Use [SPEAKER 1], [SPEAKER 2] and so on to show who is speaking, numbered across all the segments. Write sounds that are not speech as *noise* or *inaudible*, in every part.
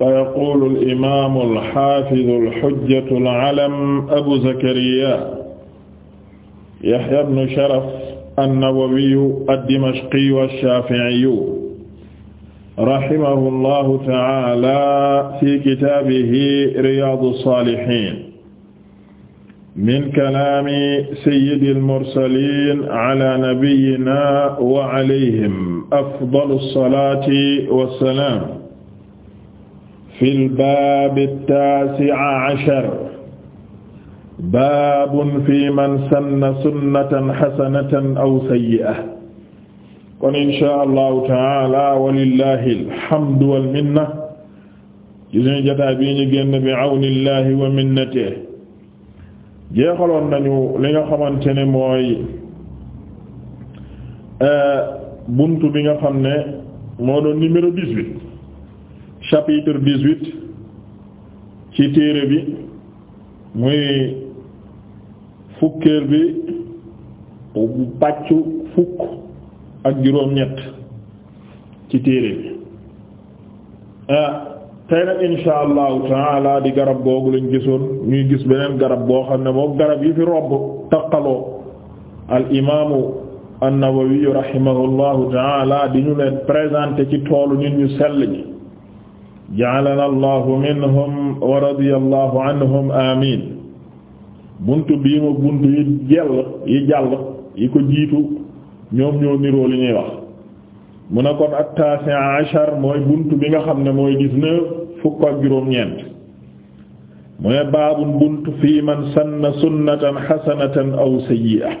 [SPEAKER 1] فيقول الإمام الحافظ الحجة العلم أبو زكريا يحيى بن شرف النووي الدمشقي الشافعي رحمه الله تعالى في كتابه رياض الصالحين من كلام سيد المرسلين على نبينا وعليهم أفضل الصلاة والسلام fil baabi taasi ashar baabun fi man sanna sunnatan xasanatan aw sayyi'a kon insha allahu taala walillahi alhamdu wal minna ci suñu jotaay bii ñu génn bi awnillahi wa minnatihi jeexaloon nañu li nga xamante ne mooy eh,
[SPEAKER 2] buntu bi nga xam ne moo doon numéro 18 chapitre dix-huit ci téere bi muy fukkeel bi pàccu fukk ak juróom-ñett ci téere bi ah tey nag insha allahu taala di garab googu lañ gisoon ñuy gis beneen garab boo xam ne moom garab yi fi romb taqaloo al imaamu an-Nawawi rahimahullahu taala di ñu leen présenté ci toolu nit ñu sell ñi ja'alana allahu minhum wa radiyallahu anhum amin bii ma buntu yi jell yi jàll yi ko jiitu ñoom ñoo niroo li ñuy wax mu ne kon at-tasi' ashar mooy buntu bi nga xam ne mooy dix-neuf fukk ak juróom-ñeent mu ne baabun buntu fii man sanna sunnatan hasanatan aw sayyi'a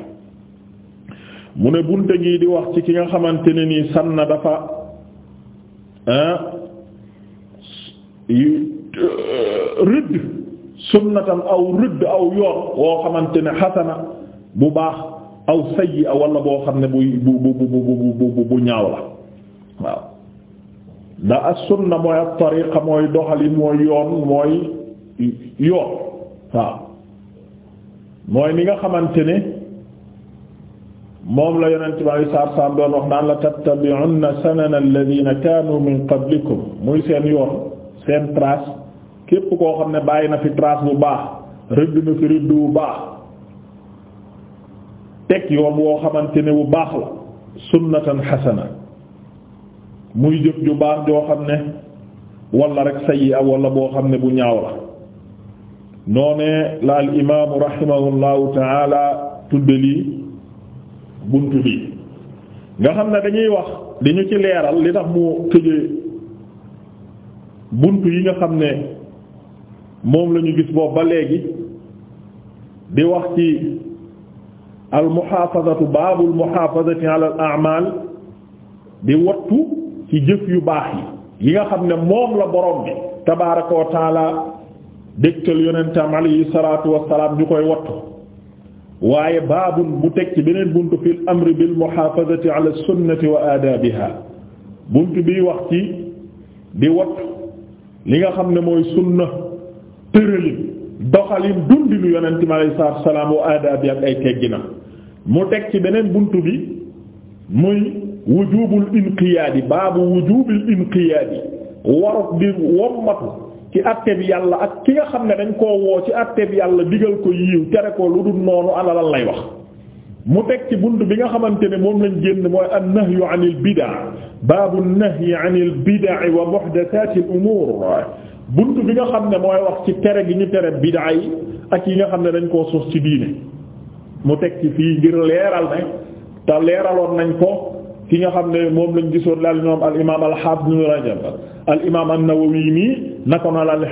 [SPEAKER 2] mu ne bunte gii di wax ci ki nga xamante ne nii sanna dafa ah, Euh, rëdd sunnatan aw rëdd aw yoon woo xamante ne xasana bu baax aw sayyi'a wala boo xam ne buy bu bu bu bu bu ñaaw la waaw da as-sunna mooy at-tariqa mooy doxalin mooy yoon mooy yoon waaw mooy ni nga xamante ne moom la yonent bi alayhi salaatu wa salaam doon wax naan la tattabi'unna sanana alladhina kaanu min qablikum muy seen yoon seen trace képp koo xam ne bàyyi na fi trace bu baax rëdd na fi rëdd bu baax teg yoon woo xamante ne wu baax la sunnatan xasana muy jëf ju baax joo xam ne wala rek sayyi'a wala boo xam ne bu ñaaw la noone la al imaamu rahimahullahu taala lii buntu bi nga xam ne dañuy wax di ñu ci leeral li tax mu tëjee bunt yi nga xam ne moom lañu gis boobu ba léegi di wax ci almuhafazatu baabul muhafazati ala al a'mal di wattu ci jëf yu baax yi yi nga xam ne moom la boroom bi tabaraka wa taala dégtal yonentam alayhi salatu wasalaam koy wattu waaye baabun mu teg ci beneen bunt fil amri bil muhafazati ala sunnati wa aadabiha bunt biy wax ci di wattu li nga xam ne mooy sunna tëralin doxalin dundinu yonent mi alayhi salaatu wa salaam wa aadaab bi ak ay tegginam mu teg ci beneen buntu bi muy wujubul inqiyaadi baabu wujubil inqiyaadi warut di wommatu ci àtte bi yàlla ak ki nga xam ne dañ koo woo ci àtte bi yàlla digal ko yiiw tere ko lu dul noonu ala lay wax mu teg ci bunt bi nga xamante ne moom lañ génn mooy an-nahyu anil bida' baabu an-nahyi anil bida'i wa muhdathatil umur bunt bi nga xam ne mooy wax ci tere gi ñu tere bida' yi ak yi nga xam ne dañ koo sos ci diine mu teg ci fii ngir leeral ne te leeraloon nañ ko ki nga xam ne moom lañ gisoon daal ñoom al imaam al-Hafiz Ibn Rajab al imaam an-Nawawi nii naka noonu al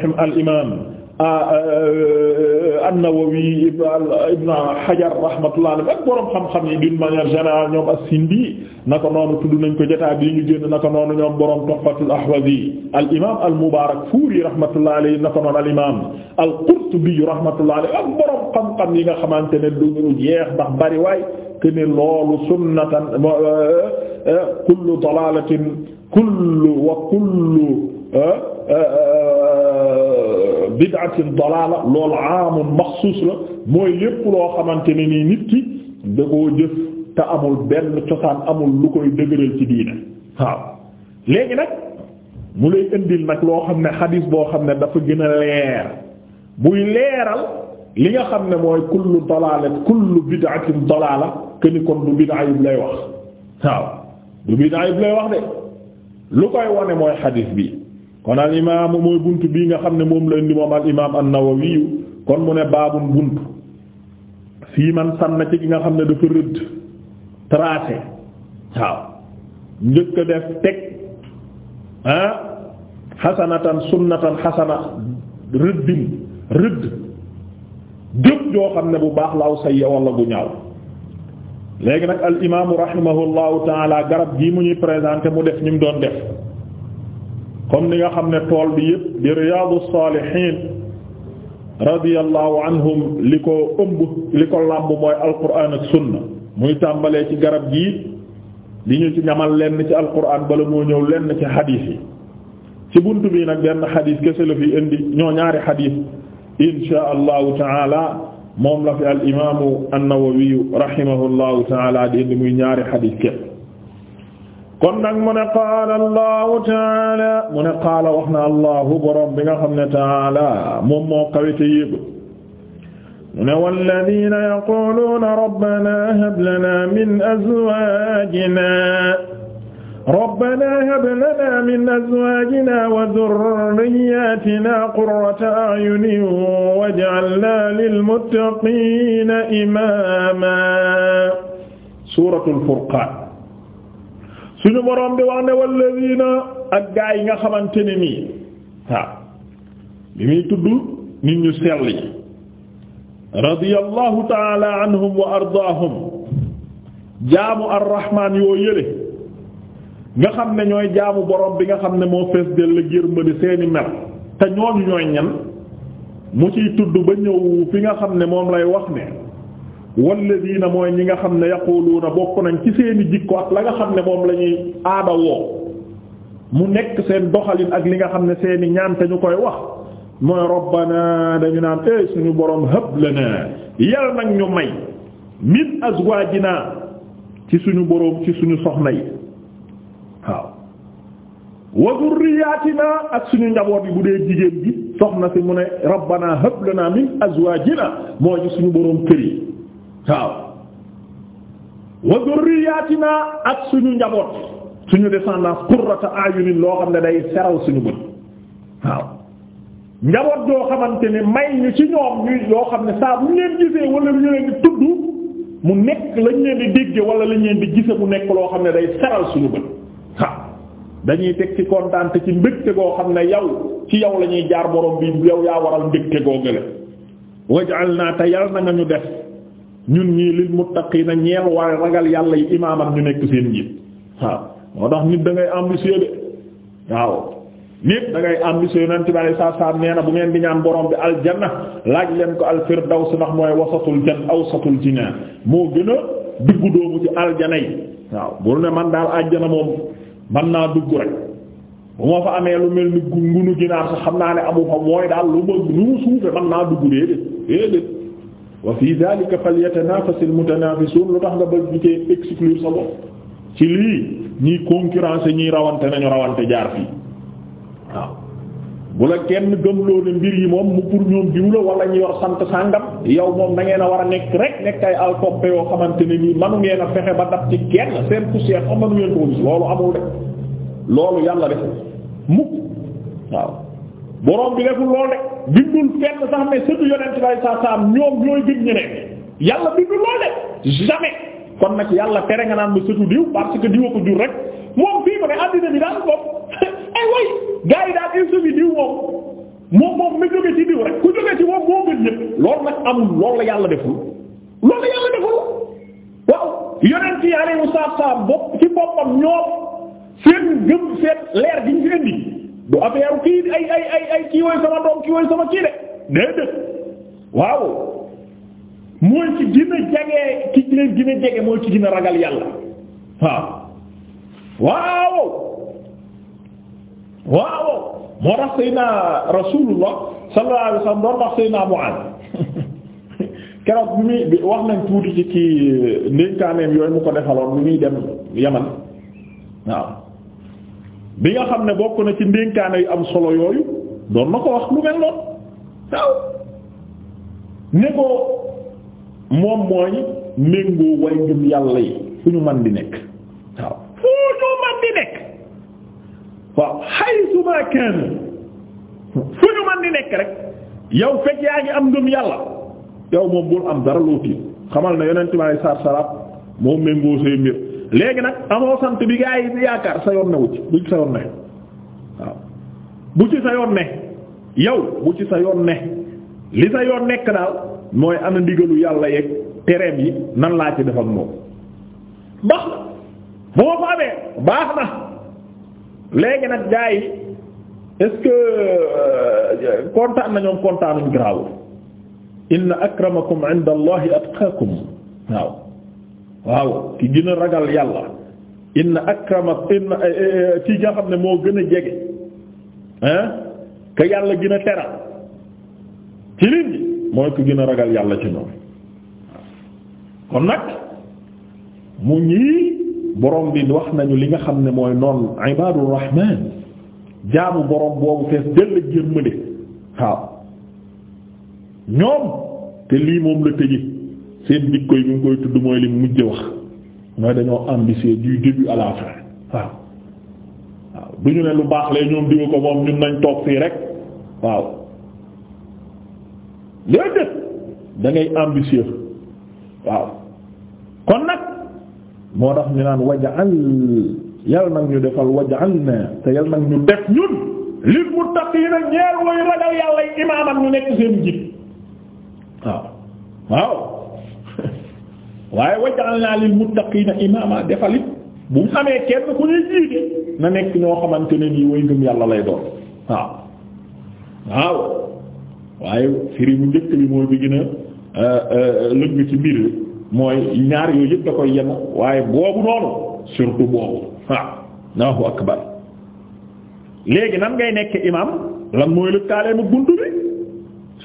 [SPEAKER 2] Ah, ah, ah, an-Nawawi ibn Hajar rahmatullah alayhi ak borom xam-xam yi d'une manière générale ñoom as-Sindi naka noonu tudd nañ ko jotaay bi ñu génn naka noonu ñoom borom Tuhfatul Ahwazi al-imam al-Mubarakfuri rahmatullah alayhi naka noonu al-imam al-Qurtubi rahmatullah alayhi ak borom xam-xam yi nga xamante ne duñu jeex ndax bari waay que ne loolu sunnatan euh, euh, kullu dalalatin kullu wa kullu euh, bid'atin dalaala loolu aamun maxsuus la mooy lépp loo xamante ni nii nit ki da koo jëf te amul benn cosaan amul lu koy dëgëral ci diina waaw léegi nag mu lay indil nag loo xam ne xadiis boo xam ne dafa gën a leer buy leeral li nga xam ne mooy kullu dalaala kullu bid'atin dalaala këni kon du bid'a yu lay wax waaw du bid'a lay wax de lu koy wane mooy xadiis bi kon al imaam mooy bunt bii nga xam ne moom la indi moom al imaam an-Nawawi kon mu ne baabun bunt fii man sanna ci gi nga xam ne dafa rëdd tracé waaw njëkk a def teg ah xasanatan sunnatan xasana rëddin rëdd jëf joo xam ne bu baax laaw say wala gu ñaaw léegi nag al imaamu rahimahullahu taala garab gii mu ñuy présenté mu def ñu mu doon def comme ni nga xam ne tool bi yëpp di Riyadou Salihine radiyallahu anhum li ko ëmb li ko làmb mooy alquran ak sunna muy tàmbalee ci garab gi di ñu ci ñamal lenn ci alquran bala moo ñëw lenn ci xadiis yi ci bunt bii nag benn xadiis kese la fi indi ñoo ñaari xadiis insha allahu taala moom la fi al imaamu an-Nawawi rahimahullahu taala di indi muy ñaari xadiis kese. kon nag mu ne
[SPEAKER 1] qaala allahu taala mu ne qaala wax na
[SPEAKER 2] allahu borom
[SPEAKER 1] bi nga xam ne taala moom moo kawite yéegu mu ne walladina yaquluuna rabbana hab lana min azwajina rabbana hab lana min azwajina wa dhurriyyatina qurrata a'yunin waj'alna lilmuttaqina imama suratul furqan suñu borom bi wax ne walladiina ak gaa yi nga xamante ni nii
[SPEAKER 2] waaw bi muy tudd nit ñu sell yi radiyallahu taala anhum wa ardaahum jaamu arrahmaan yoo yële nga xam ne ñooy jaamu borom bi nga xam ne moo fees dell yërmande seeni mel te ñooñu ñooy ñan mu ciy tudd ba ñëw fi nga xam ne moom lay wax ne walladiina mooy ñi nga xam ne na bokk nañ ci seeni jikko ak la nga xam ne moom la ñuy aada woo mu nekk seen doxalin ak li nga xam ne seeni ñaan te ñu koy wax mooy rabbana dañu naan eey eh, suñu boroom hab lana yal nag ñu may min azwaajina ci suñu boroom ci suñu soxna yi waaw wa dhurriyaatina ak suñu njaboot yi bu dee jigéen bi soxna si mu ne rabbana hab lana min azwaajina mooy suñu boroom kër yi waaw wa dhurriyaatina ak suñu njaboot suñu descendance qurrata ayunin loo xam ne day seraw suñu bët waaw njaboot doo xamante ne may ñu ci ñoom ñuy yoo xam ne saa bu ñu leen gisee wala ñu leen di tudd mu nekk lañ leen di dégge wala lañ leen di gise mu nekk loo xam ne day seral suñu bët waaw dañuy teg ci kontaan ci mbégte goo xam ne yow ci yow la ñuy jaar borom bi yow yaa waral mbégte goo gële waj'alna te yal na nga ñu def ñun ñii lil na ñeel waaye ragal yàlla yi imaam ñu nekk seen njiit waaw moo tax nit da ngay ambitieux de waaw nit da ngay ambitieux yonent bi saa saa nee bu ngeen di ñaan borom bi aljanna laaj leen ko al firdaws ndax mooy wasatul jann awsatul jinaan moo gën a diggu doomu ci aljana yi waaw bul ne man daal aljana moom man naa dugg rek bu ma fa amee lu mel ni ngunu ginaar sax xam naa ne amu fa mooy daal lu ma lu mu suufe man naa dugg wa fi dhalika falyatanafas almutanafisun lu tax nga ba bi ci exclure ci lii ñiy concurrence ñiy rawante nañu rawante jaar fii waaw bu la kenn gëmloo mbir yi moom mu pour ñoom diw la ñu yor sant sàngam yow moom na ngeen a war a nekk rek nekk ay altoppe yoo xamante ne nii manu ngeen a fexe ba dab ci kenn seen poussière sax manu ngeen ko gis loolu amul de loolu yàlla def mukk waaw borom bi deful lool de bindul fenn sax ne surtout yonent bay sa saam ñoom ñooy gën ñeneen yàlla bindul lool de jamais kon nag yàlla tere nga naan ma surtout diw parce que diwa ko jur rek moom fii ma ne àddina bi daal moom ay way yi daal insubi diw moom moom moom ma jóge ci diw rek ku jóge ci moom moo gën ñëpp loolu nag amul loolu la yàlla deful loolu la yàlla deful waaw yonent yi alayhi salaam bopp ci boppam ñoom seen gëm seen leer gi ñu fi indi boo affaire kii ay ay ay ay kii woy sama doom kii sama kii de déedéet waaw mooy ci gën a ki leen gën mooy ci gën a ragal yàlla waaw waaw waaw moo tax Seydina Rasulullah sallallahu alayhi wasallam doon wax Seydina Mu'aad *laughs* keroog bi muy wax nañ tuuti ci kii ndénkaaneem yooyu mu ko defaloon bi muy dem Yaman waaw bi nga xam ne bokk na ci ndénkaane yu am solo yooyu doon ma ko wax mu mel noonu waaw ko moom mooy méngoo way ngëm yàlla yi fu ñu man di nekk waaw fu ñu man di nekk rek yow fekk yaa ngi am ngëm yàlla yow moom bul am dara loo tiit xamal na yonent bi sallallahu moo wasallam méngoo say mbir léegi nag amoo sant bi gaa yi yaakaar sa yoon ne wu ci bu ci sa yoon ne waaw bu ci sa yoon ne yow bu ci sa yoon ne li sa yoon nekk daal mooy ana ndigalu yàlla yeeg tereem yi nan laa ci def ak moom baax na boo fa amee baax na léegi nag gaa yi est euh, kontaan na ñoom kontaanuñ garaawul inna akramakum waaw waaw ki gën a ragal yàlla inna akrama inna ci eh, eh, eh, nga xam ne moo gën a jege ah ka yàlla gën a teral ci nit ñi mooy ku gën a ragal yàlla ci ñoom kon nag mu ñii borom bi wax nañu li nga xam ne mooy noonu ibadu rahman jaamu borom boobu fees dell jërmande waaw ñoom te lii moom la tëje seen jikko yi bi mu koy tudd mooy li mujj wax mooy dañoo ambitieux du début à la fin waaw waaw du ñu ne lu baax lee ñoom diwa ko moom ñun nañ toog fii rek waaw léegi def da waaw kon nag moo tax ñu naan wajal yal nag ñu defal wajal na te yal nag ñu def ñun lil muttaqiina ñeer way ragal yàlla imaaman ñu nekk seen jit waaw waaw waaye waj'alna lil muttaqiina imaama defalit bu ñu amee kenn ku ñuy jiite na nekk ñoo xamante ne nii way ngëm yàlla lay doon waaw waaw waaye firi njëkk bi mooy bi gën a euh, euh, lëng ci mbir mooy ñaar yooyu yëpp da koy yem waaye boobu noonu surtout boobu waaw Allahu akbar léegi nan ngay nekk imam lan mooy lëkkaaleemu buntu bi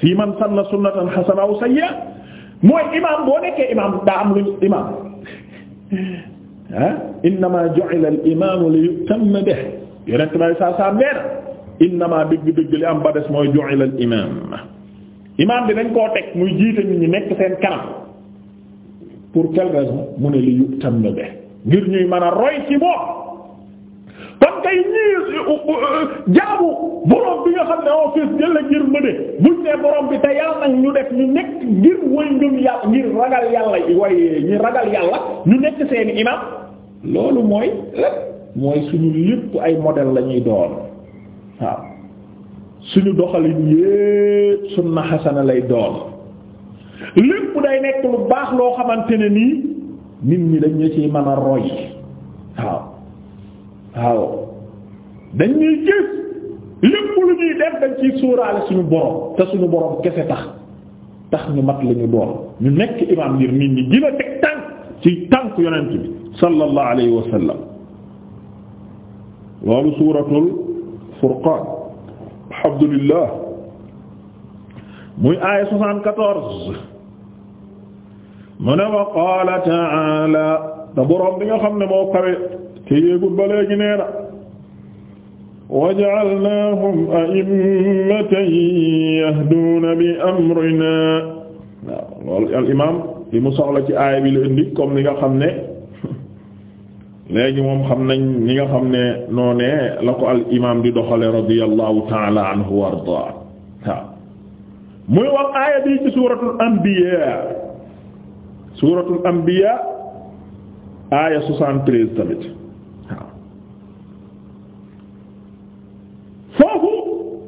[SPEAKER 2] fii man sanna sunnatan hasanatan aw sayyi'atan mooy imaam boo nekkee imaam daa lu imaam ah innamaa ju'ila al imaamu li yutamma bihi yonent bay saa saa nee na innamaa dëgg-dëgg li am ba des mooy ju'ila al imaam imaam bi dañ koo teg muy jiite nit nekk seen kanam pour quelle mu ne li yutamma bihi ngir ñuy mën a roy ci moom. kon kay jaabu borom bi nga xam ne oo fees ngir mëne bu jege borom bi te yàlla nag ñu def ñu nekk ngir way ngëm yàlla ngir ragal yàlla way ñu ragal yàlla ñu nekk seen imam loolu mooy mooy suñu lépp ay modèle la ñuy doon waaw suñu doxalin yépp sunna xasana lay doon lépp day nekk lu baax loo xamante ne nii nit ñi dañ ci ciy mën a roy waaw waaw dañ gis lépp lu ñuy def dañ ciy sóoraale suñu borom te suñu borom kese tax tax ñu mat la ñu doon ñu nekk imaam ngir nit ñi gën a teg tànk ci tànk yonent bi sallallahu alayhi wa sallam loolu suuratul furqaan alhamdulillah muy aaya 74 mu ne wa qaala ta'ala te borom bi nga xam ne moo kawe te yéegul
[SPEAKER 1] ba léegi nee na waj'alnaahum a'immatan yahduuna bi amrinaa waaw loolu al imaam li mu soxla ci aaya bi la indi comme li nga xam ne *laughs* léegi moom xam
[SPEAKER 2] nañ ñi nga xam ne noonee la ko al imaam di doxale radiyallahu ta'ala anhu wa ardaa muy wax aaya bi ci suuratul anbiyaa suuratul anbiyaa aaya 73 tamit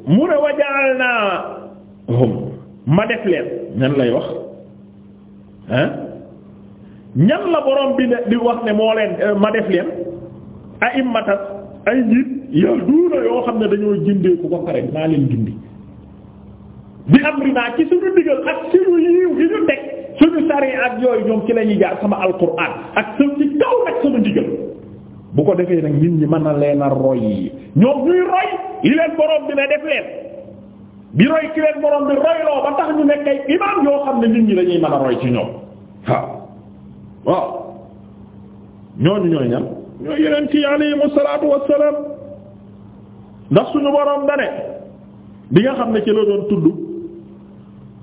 [SPEAKER 2] mu ne wa ja'alnaahum ma def leen ñan lay wax ah ñan la borom bi di wax ne moo leen euh, ma def leen a'immatan ay njiit yahduuna yoo xam ne dañoo jëndeeku ko pare maa leen gindi bi amrinaa ci suñu digal ak suñu yiw yi ñu teg suñu sari ak yooyu ñoom ci la ñuy jaar sama alquran ak suñ kaw nag suñu digal bu ko defee nag nit ñi mën na leen a roy ñoom ñuy roy yi leen borom bi ne def leen bi roy ci leen borom bi royloo ba tax ñu nekk ay imaam yoo xam ne nit ñi dañuy mën a roy ci ñoom waaw waaw ñooñu ñooy ñam ñooy yeneen ci alayhimu salaatu wassalaam ndax suñu borom dane bi nga xam ne ci la doon tudd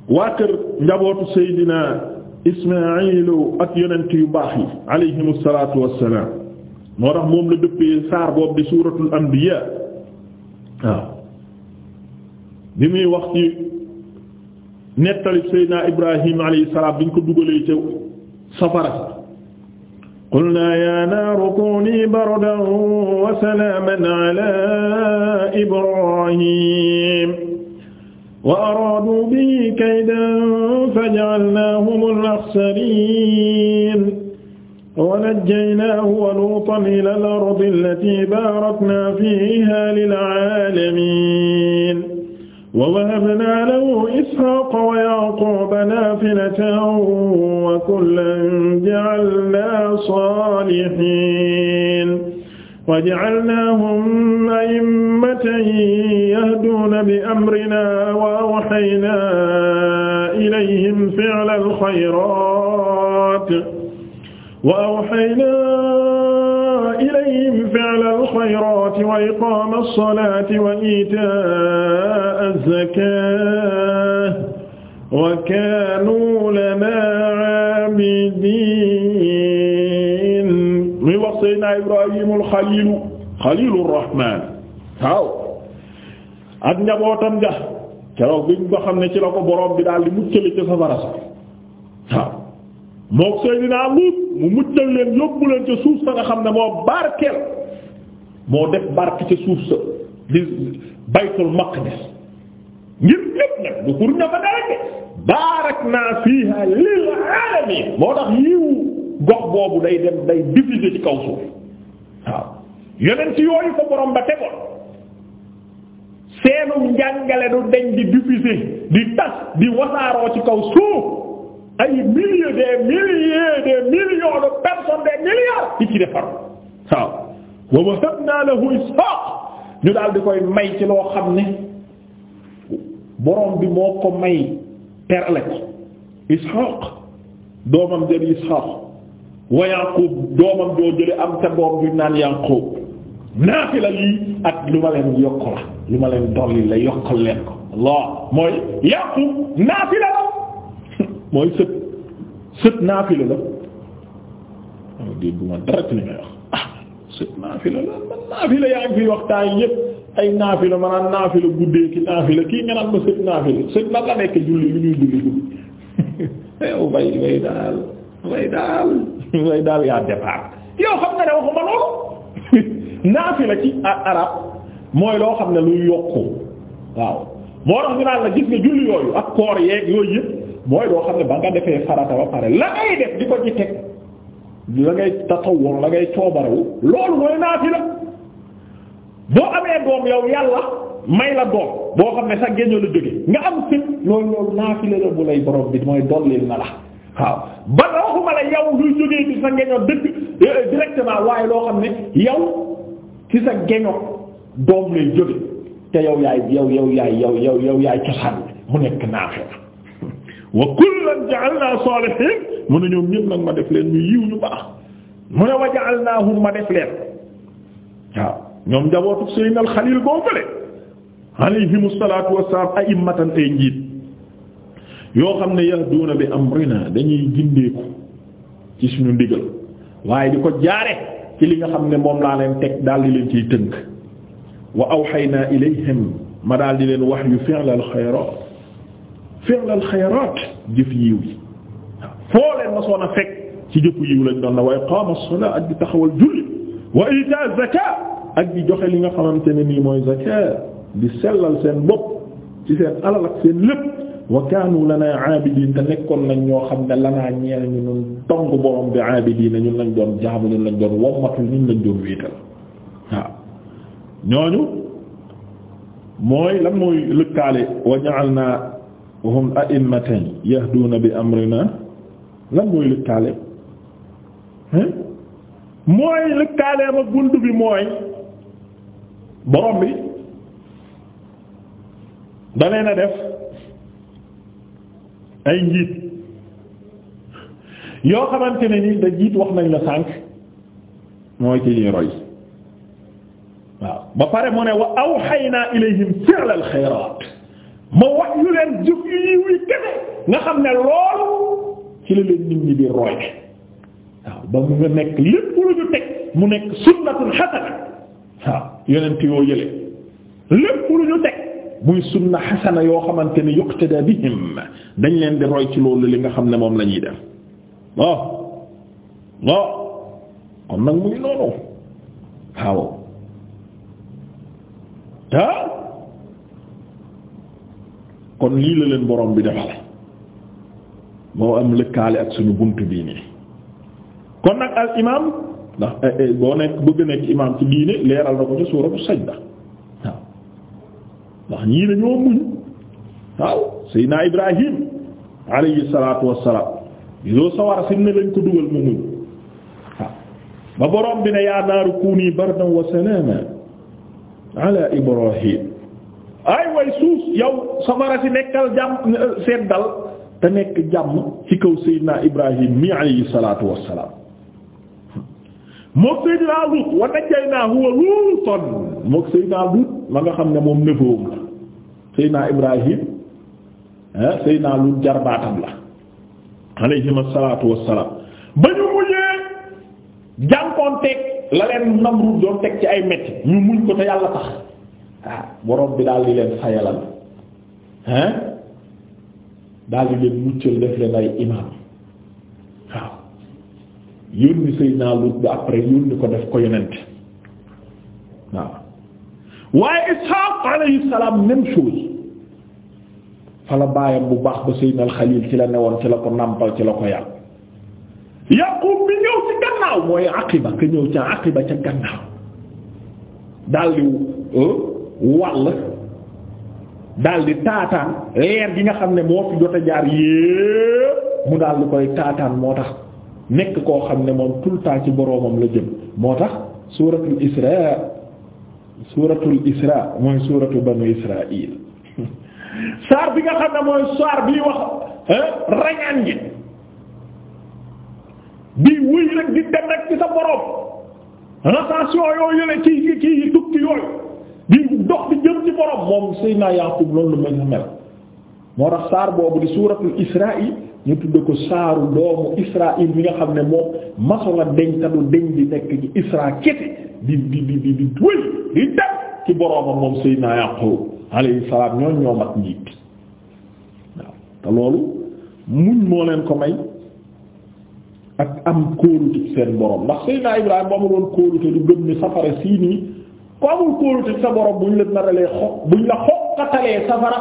[SPEAKER 2] waa kër njabootu Seydina Ismaayilu ak yonent yu baax yi alayhimu salaatu wassalaam moo tax moom la dëppee saar boobu di suuratul anbiya waaw bi muy wax ci nettali seydina ibrahim alayhi salaam bi ñu ko dugalee
[SPEAKER 1] ca safara qulna ya naaru kuni bardan wa salaaman ala ibrahim wa araadu bihi kaydan faja'alnaahumul axsariin ونجيناه ولوطا إلى الأرض التي باركنا فيها للعالمين ووهبنا له إسحاق ويعقوب نافلة وكلا جعلنا صالحين وجعلناهم أئمة يهدون بأمرنا وأوحينا إليهم فعل الخيرات wa awhaynaa ilayhim fi'lal khayraati wa iqaamas salaati wa iitaa'az zakaati wa kaanuu lanaa aabidiin muy wax Seydina Ibraahiimul
[SPEAKER 2] Xaliil Xaliilur Rahmaan waaw ak njabootam ja keroog bi nga xam ne ci la ko borom bi daal di muccale ca safara sa waaw mook Seydina Luut mu muccal leen yóbbu ca suuf sa nga xam ne moo barkeel moo def barke ca suuf sa di baytul maqdis ngir ñépp nag du pour ñafa daraje baaraknaa fiiha lil aalamiin moo tax yiw gox boobu day dem day diffuser ci kaw suuf waaw yonent yooyu ko borom ba tegoon seenu njàngale du deñ di diffuser di tas di wasaaroo ci kaw suuf ay milliers des milliers des millions de personnes des milliards yi ci defar waaw wa wahabna lahu Ishaq ñu daal di koy may ci loo xam ne borom bi moo ko may terale ko Ishaq doomam jël Ishaq wa Yaqub doomam joo jële am te doom bi naan Yaqub naafila lii ak lu ma leen yokk la lu ma leen dolli la yokkal leen ko Allah mooy Yaqub naafila la mooy sët sët naafila la ah, naafila
[SPEAKER 1] la
[SPEAKER 2] fi waxtaan yi ay naafila ma naan naafila guddee ki naafila kii nga ma sët naafila sët na la nekk julli lu ñuy julli guddi *laughs* yow *laughs* yaa départ yow xam nga ne waxuma loolu *laughs* naafila ci arab mooy loo xam ne luy yokku waaw moo tax ñu la gis nga julli yooyu ak koor yeeg yooyu yëpp mooy loo xam ne ba nga defee farata ba pare la ngay def di ko ci teg la ngay tatawur la ngay coobarewu loolu mooy naafila boo amee doom yow yàlla may la doom boo xam ne sa génne la jóge nga am fit loolu loolu naafila la lay borom bi mooy dollil na la waaw ba waxuma la eh, eh, waaye loo xam ne yow ci sa geño doom lay jóge te yow yaay yow yow yaay yow yow yow yaay cosaan mu nekk naafila wa kullan ja'alna salihin mu ne ñoom ñëpp nag ma def leen ñu yiw ñu baax mu ne wa ja'alnahum ma def leen waaw ñoom njabootu sayyidina al xalil googale alayhimu salaatu wassalaam a'immatan ay njiit yoo xam ne yahduuna bi amrina dañuy gindeeku ci suñu ndigal waaye di ko jaare ci li nga xam ne moom laa leen teg daal di leen ciy tënk wa awhaynaa ilayhim ma daal di leen wahyu fi'lal xayraat fi'lal xayraat jëf yiw yi foo leen masoon a fekk ci jëfu yiw lañ doon na waaye qaama salaa ak di taxawal julli wa itaa zakat ak di joxe li nga xamante ne nii mooy zakat di sellal seen bopp ci seen alal ak seen lépp wa kaanu lanaa aabidiin te nekkoon nañ ñoo xam ne lanaa ñeel ñu ñun dong borom bi aabidiina ñun lañ doon jaamu ñun lañ doon wommatu ñun lañ doon wéetal waaw ñooñu mooy lan mooy lëkkaale wa ja'alnaa wa hum a'immatan yahduuna bi amrina lan mooy lëkkaale mooy lëkkaale ma bunt bi mooy borom bi da na def ay njiit yoo xamante ne ni da jiit wax nañ la sànq mooy ci ñuy roy waaw ba pare mu ne wa awhaynaa ilayhim fi'lal xayraat ma wax yu leen jëf yu yiw yi nga xam ne loolu ci leen nit ñi di roy waaw ba mu nga nekk lépp lu ñu teg mu nekk sunnatul xasana waaw yonent yoo yële lépp lu ñu teg muy yoo xamante ne yuqtada dañ leen di roy ci loolu li nga xam ne moom la ñuy def bon kon nag muy noonu waaw ah. kon lii la leen borom bi defal moo am lëkkaale ak suñu bunt bii nii kon nag al imaam ndax eh, eh, boo nekk bëgg nekk imaam ci diine leeral na ko suuratu sajda ndax ñii dañoo muñ waaw seydinaa ibrahim alayhi salaatu wassalaam gisoo sawar si ne lañ ko dugal mu muñ ba borom bi ne yaa naaru kuunii bardan wa salaaman ala ibrahim ay way suuf yow safara si nekkal jàmm seddal te nekk jàmm ci kaw Seydina Ibrahim mi alayhi salaatu wassalaam mook Seydina Lut wa najjaynaahu wa Luutan mook Seydina Lut ma nga xam ne moom nëfawam la Seydina Ibrahim ah Seydina Lut jarbaatam la alayhim salaatu wassalaam ba ñu mujjee jànkoonteeg la leen Namrud doon teg ci ay metti ñu muñ ko te yàlla tax ah borom bi daal di leen fayalal hein daal di leen muccal def leen ay imaam waaw yónni Seydina Lut bi après yónni ko def ko yonent waaw waaye Ishaq alayhi salaam même chose fala baayam bu baax ba Seydina Xaliil ci la newoon ci la ko nàmpal ci la ko yàq Yaqub bi ñëw ci gannaaw mooy aqiba ka ñëw ca aqiba ca gannaaw daal di euh, wàll daal di taataan leer gi nga xam ne moo fi jot a jaar yépp mu daal di koy taataan moo tax nekk koo xam ne moom tout le temps ci boroomam la jëm moo tax suuratul isra suuratul isra mooy suuratu banu israil *laughs* saar bi nga xam ne mooy saar bi wax rañaan gi bi wuy rek di dem rek ci sa boroom attention yooyu la ci ci tukki yooyu dox di jëm ci borom moom Seydina Yaqub loolu mel na mel moo tax saar boobu di suuratul Israa'i ñu tudd ko saaru doomu Israaïl bi nga xam ne moom masula deñ ta deñ di nekk ci Isra kese di di di di wëy di dem ci boroomam moom Seydina Yaqub alayhi salaam ñooñ ñoo njiit waaw te loolu muñ moo leen ko may ak am kóolute seen borom ndax Seydina Ibrahima ba mu doon kóolute du gëm ni safara sii nii ku amul kóolute sa borom buñ la naralee xo buñ la xoqatalee safara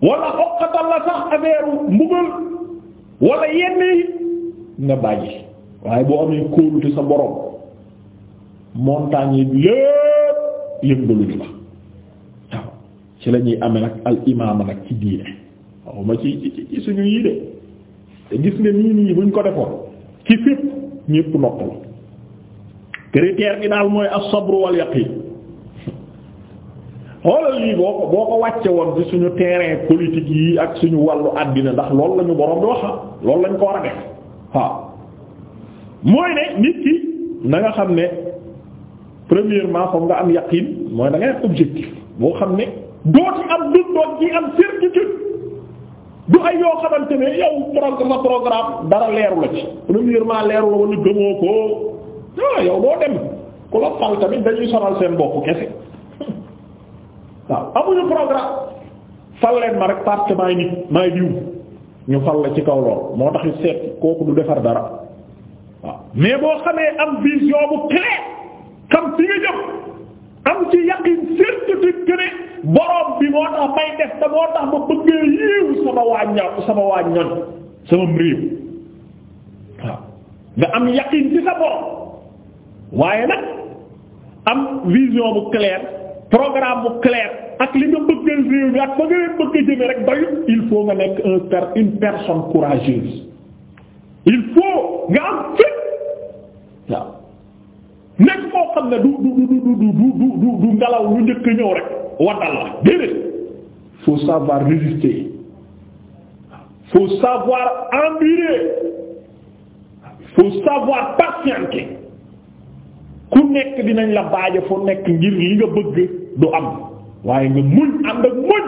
[SPEAKER 2] wala xoqatal la sax affaire mbugal wala yenn yi nga bàyyi waaye boo amee kóolute sa borom montagne yi lépp yëngaluñu la waaw ci la amee nag al imaama nag ci diine waaw ci ci ci yii de te gis nga nii nii buñ ko defoon ci fépp ñépp noppal. critère bi daal mooy as-sabr wal yaqin xoolal lii boo ko boo ko wàcce woon ci suñu terrain politique yi ak suñu wàllu àddina ndax loolu lañu ñu borom bi wax ah, loolu lañ ko war a def waaw mooy ne nit ki na nga xam ne premièrement foog nga am yaqin mooy da ngay am objectif boo xam ne doo ci am dut doo ci am certitude du ay yoo xamante ne yow programme dara leeru la ci premièrement leeru la wala gëmoo ko ah yow boo dem ku la fal tamit dañuy sonal seen bopp kese *laughs* waaw amuñu programme fal leen ma rek parce que nit maay diw ñu fal la ci kaw lool moo tax it seet kooku du defar dara waaw mais boo xamee am vision bu claire xam fi nga jëm am ci yaqin certitude que ne borom bi moo tax may def te moo tax ma bëggee yiiw sama waa sama waa ñoñ sama réew waaw nga am yaqin ci sa borom. waaye nag am vision bu claire programme bu claire ak li nga bëggal réew mi bëgg a jëme rek doyut il nga nekk un per une personne courageuse il faut nga am fit nekk koo xam ne du du du du du du du du ngelaw lu njëkk ñëw rek waddal la déedéet faut savoir résister faut savoir endurer faut savoir patienter ku nekk dinañ la baaje fu nekk ngir li nga bëgg du am waaye nga muñ ànd ak muñ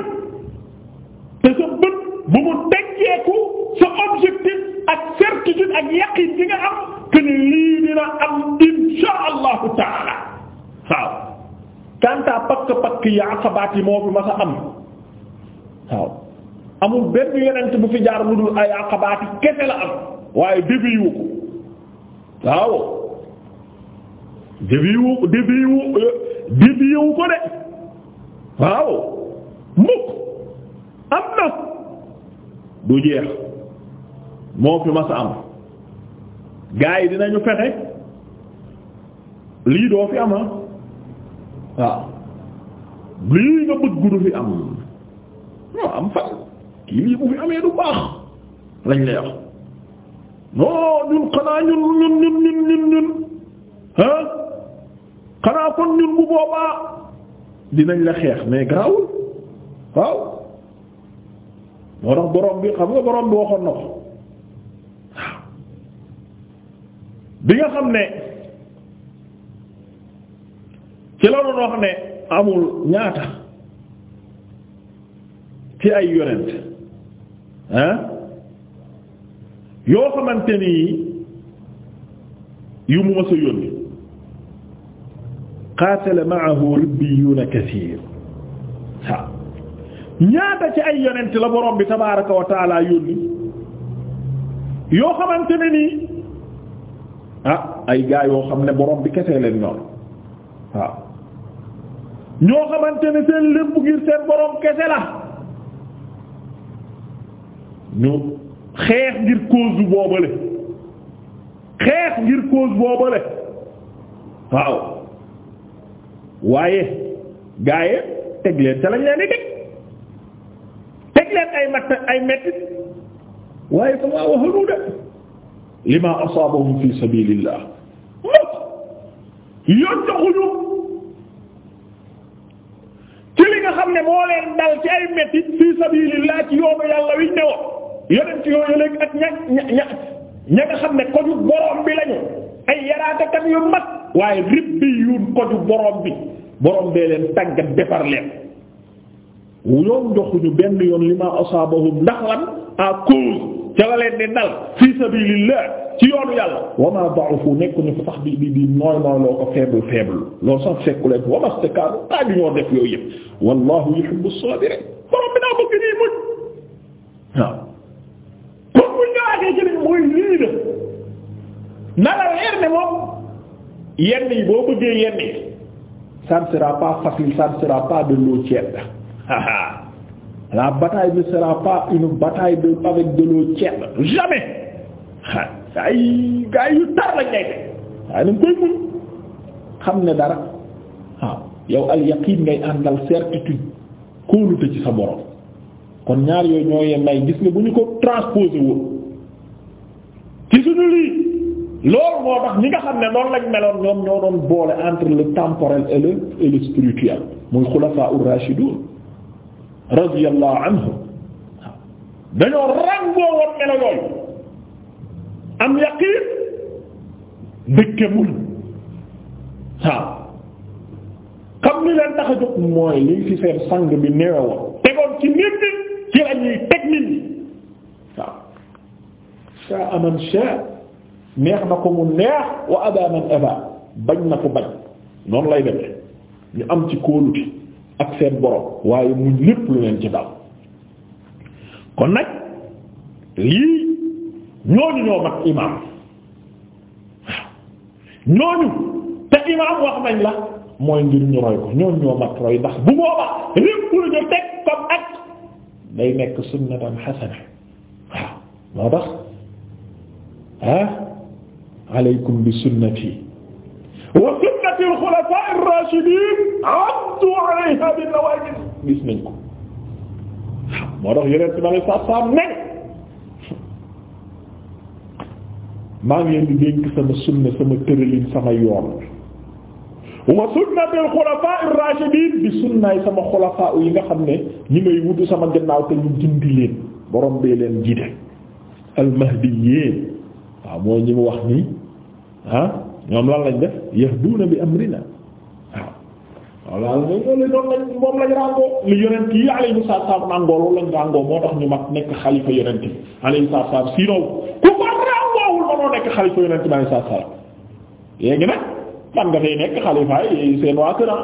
[SPEAKER 2] te sa bët bu mu tekkeeku sa objectif ak certitude ak yaqin bi am que lii dina am insha allahu taala waaw kanta pakk-pakk yi aqabaat moo fi ma sa am waaw amul benn yenent bu fi jaar lu dul ay aqabaat yi kese la am waaye débuyu ko waaw dévié wu dévié wu euh, dévié wu ko de waaw mukk am na du jeex moo fi mas a am gaa yi dinañu fexe lii doo fi am ah. waaw lii nga bëgg du fi am waaw am fan kii lii bu fi amee du baax lañ lay wax non xanaa ñun ñun ñun ñun ñun ñun xanaa kon ñun bu boobaa dinañ la xeex mais garaawul waaw moo tax borom bi xam nga borom bi waxoon na ko waaw bi nga xam ne ci la wax ne amul ñaata ci ay yonent ah yoo xamante ni yu mu mësa yónni qaatala ma'ahu ribbiyuuna kasiir ñaata ci ay yonent la borom bi tabaaraka wa taala yónni yoo xamante ne nii ah ay gaa yoo xam ne borom bi kese leen ñor waaw ñoo xamante ne seen lépp ngir seen borom kese la ñu xeex ngir cause boobale xeex ngir cause boobale waaw. waaye gaaye teg leen ca lañ leen di teg teg ay mat ay mettit waaye fama wahaluu de lima asaabahum fi sabilillah mukk yoon joxuñu ci li nga xam ne moo leen dal ci ay mettit fi sabilillah ci yoonu yàlla wiñ ne woon yonent yooyu léegi ak ña ña ña ña nga xam ne ko ñu borom bi lañu ay yaraatekat yu mag waaye ribbiyuun koju borom bi borom bee leen tàggat defar leen yoon joxuñu benn yoon li ma asaabahum ndax lan à ca la leen di dal fi sabilillah ci yoonu yàlla wa ma da'ufu nekkuñu fa tax di di di nooy nooy loo ko faible faible loolu sax fekkuleen wa mastakaanu taa bi ñoo def yooyu yëpp wallahu yuhibbu saabiriin borom bi daa bëgg nii muñ waaw muñ nga àggee ci li mooy lii na la leer moom yenn yi boo bëggee yenn yi ça ne facile ça ne de l'eau tiède *laughs* la bataille ne sera pas une bataille avec de l'eau tiède jamais ah gars *laughs* yi gars yu tar lañ lay def waaye koy muñ xam ne dara waaw yow al yaqin ngay àndal certitude kóolute ci sa borom kon ñaar yooyu ñoo yem may gis nga bu ñu ko transposé woon ci suñu lii. loolu moo tax ñi nga xam ne noonu lañ meloon ñoom ñoo doon boole entre le temporel et le et le spirituel muy xulafaa ur-rashidun radiyallahu anhum dañoo ràngoo woon melo yooyu am yaqiin dëkke muñ waaw xam ni leen tax a jóg mooy liñ fi seen sang bi newe woon tegoon ci nit ñi ci lañuy teg nit ñi waaw sha man sha neex na ko mu neex wa aba man bañ na ko bañ noonu lay demee ñu am ci kóolute ak seen borom waaye muñ lépp lu leen ci dal kon nag lii ñooñu ñoo mag imaam ñooñu te imaam wax nañ la mooy ngir ñu roy ko ñooñu ñoo mag roy ndax bu boobaa lépp lu ñu teg comme ak day nekk sunnatan hasana waaw moo tax ah aleykum bi sunnati wa sunnati al-khulafa ar-rashidin addu alayha gis nañ moo tax yeneen ci ma lay sax saam ne maa ngi leen di dénk sama sunna sama tëralin sama yoon wa sunnati al-khulafa bi sunnaay sama xulafaa yi nga xam ne ñi may wutu sama gannaaw te ñu jindi leen borom bee leen jiite al waaw mooy ñi mu wax nii ah ñoom lan lañ def yahduuna bi amrina waaw walla loolu lañ moom lañ ràngoo li yonent yi alayhi salaam ràngoo loolu lañ ràngoo moo tax ñu mag nekk xalifa yonent bi alayhi salaam sinon ku ko ràngoowul manoo nekk xalifa yonent bi alayhi salaam léegi nag man nga fay nekk xalifa yi seen waa kër ah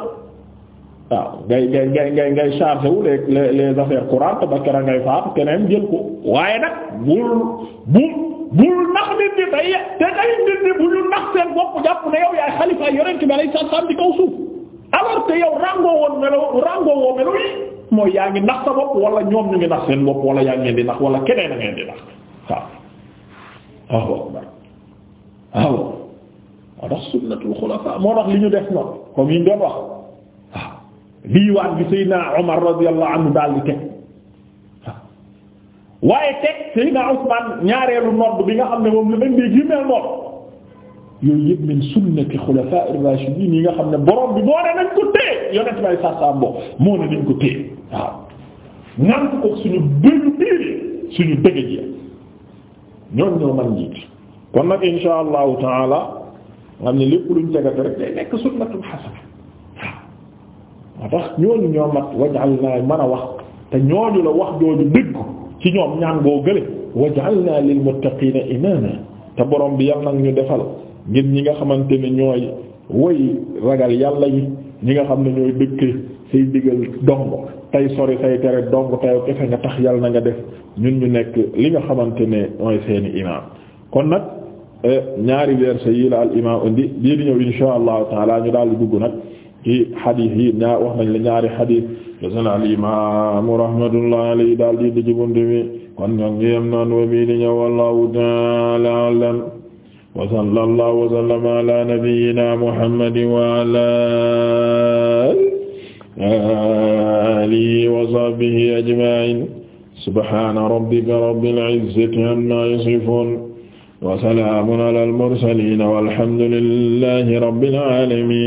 [SPEAKER 2] waaw ngay ngay ngay ngay ngay chargé wu les les affaires courantes ba kera ngay faatu keneen jël ko waaye nag bul
[SPEAKER 1] bul
[SPEAKER 2] nit ñi day te day nit ñi bu ñu ndax seen bopp jàpp ne yow yaay xalifa yonent bi alayhi salaam di kaw suuf alors que yow ràngoo woon melo ràngoo woo melo yi mooy yaa ngi ndax sa bopp wala ñoom ñu ngi ndax seen bopp wala yaa ngeen di ndax wala keneen a ngeen di ndax waaw waaw waaw moo tax sunnatul xulafaa moo tax li ñu def noonu comme yi ñu doon wax waaw lii waan bi Seydina Omar radiyallahu anhu daal di teg
[SPEAKER 1] waaye teg Seydina
[SPEAKER 2] Usmaan ñaareelu nodd bi nga xam ne moom la indi gi mel nodd yooyu yëpp min sunnati xulafa'ir rashidin yi nga xam ne borom bi moo ne nañ ko téye yonent bay nañ suñu bëju biir suñu dëgg ñoo man njiit kon nag insha allahu taala nga xam ne lépp luñ tegate rek day nekk sunnatul xasana waaw tax ñooñu ñoo mat wajal naa mën a wax te ñooñu la wax jooju dëgg ci ñoom ñaan goo gële waj'alna lil muttaqina imama te borom bi yal nag ñu defal ngir ñi nga xamante ne ñooy woy ragal yàlla yi ñi nga xam ne ñooy dëkk say digal dong tey sori say tere dong tey kese nga tax yàlla na nga def ñun ñu nekk li nga xamante ne mooy seeni imaam kon nag eh, ñaari verset yii la al imaam indi lii di ñëw insha allahu taala ñu daal di dugg
[SPEAKER 1] nag ci xadiis yi ñaar wax nañ la ñaari xadiis desal al imaamu rahmatullahi alayhi daal di ci buntu bi kon ñoo ngi yem noonu wa bi di ñëw wallahu ta'ala a'lam wa sallallahu wa sallama ala nabiyyina muhammadin wa ala alihi wa sahbihi ajma'in subhana rabbika rabbil izzati amma yasifun wa salamun ala al mursalin walhamdulillahi rabbil alamin